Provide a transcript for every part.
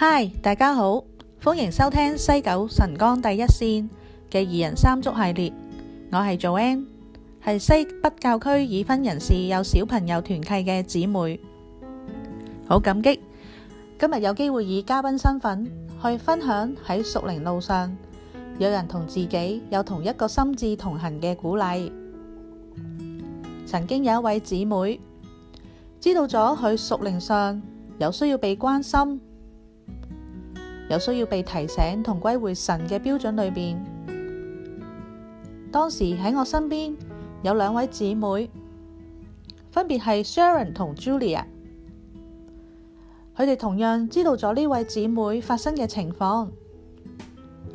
嗨，Hi，大家好，歡迎收聽西九神光第一線嘅二人三足系列。我係 Joanne，係西北教區已婚人士有小朋友團契嘅姊妹，好感激今日有機會以嘉賓身份去分享喺屬靈路上有人同自己有同一個心志同行嘅鼓勵。曾經有一位姊妹知道咗佢屬靈上有需要被關心。有需要被提醒同歸回神嘅標準裏邊，當時喺我身邊有兩位姊妹，分別係 Sharon 同 Julia，佢哋同樣知道咗呢位姊妹發生嘅情況，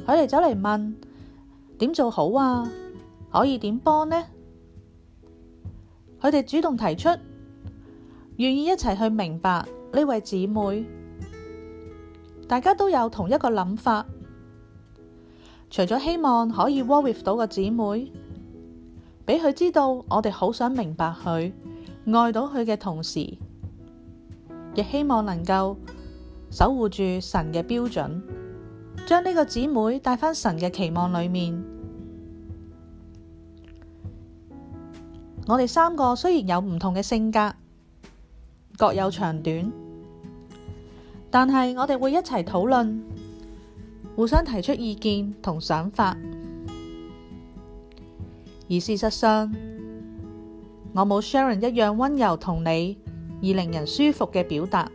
佢哋走嚟問點做好啊，可以點幫呢？佢哋主動提出願意一齊去明白呢位姊妹。大家都有同一個諗法，除咗希望可以 work with 到個姊妹，俾佢知道我哋好想明白佢，愛到佢嘅同時，亦希望能夠守護住神嘅標準，將呢個姊妹帶返神嘅期望裏面。我哋三個雖然有唔同嘅性格，各有長短。但係，我哋會一齊討論，互相提出意見同想法。而事實上，我冇 Sharon 一樣溫柔同理，而令人舒服嘅表達，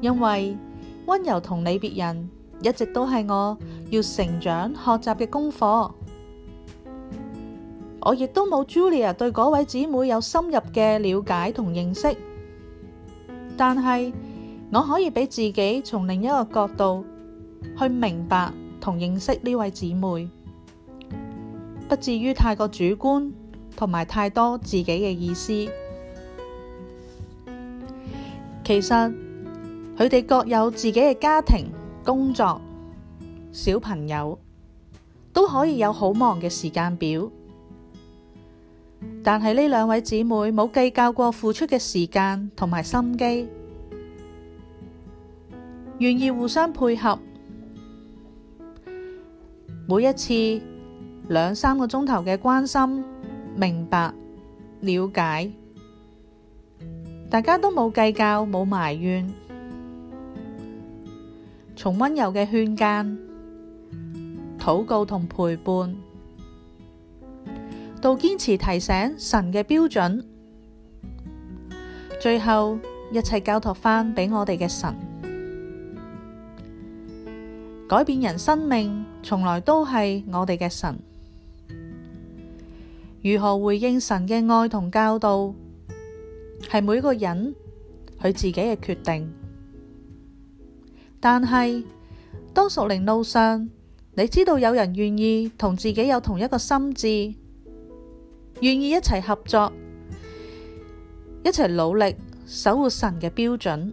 因為溫柔同理別人一直都係我要成長學習嘅功課。我亦都冇 Julia 對嗰位姊妹有深入嘅了解同認識，但係。我可以俾自己從另一個角度去明白同認識呢位姊妹，不至於太過主觀同埋太多自己嘅意思。其實佢哋各有自己嘅家庭、工作、小朋友，都可以有好忙嘅時間表。但係呢兩位姊妹冇計較過付出嘅時間同埋心機。願意互相配合，每一次，兩三個鐘頭嘅關心、明白。改變人生命，從來都係我哋嘅神。如何回應神嘅愛同教導，係每個人佢自己嘅決定。但係，當屬靈路上，你知道有人願意同自己有同一個心志，願意一齊合作，一齊努力守護神嘅標準。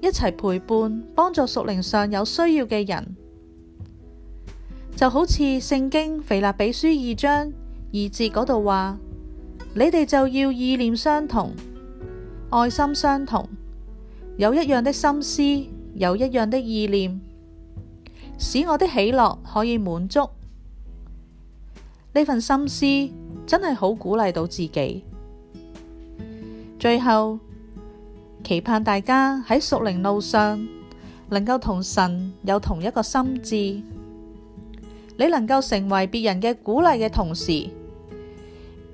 一齊陪伴，幫助屬靈上有需要嘅人，就好似聖經腓立比書二章二節嗰度話： 你哋就要意念相同，愛心相同，有一樣的心思，有一樣的意念，使我的喜樂可以滿足。呢份心思真係好鼓勵到自己。最後。期盼大家喺屬靈路上能夠同神有同一個心志。你能夠成為別人嘅鼓勵嘅同時，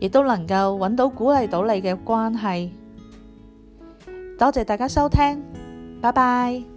亦都能夠揾到鼓勵到你嘅關係。多謝大家收聽，拜拜。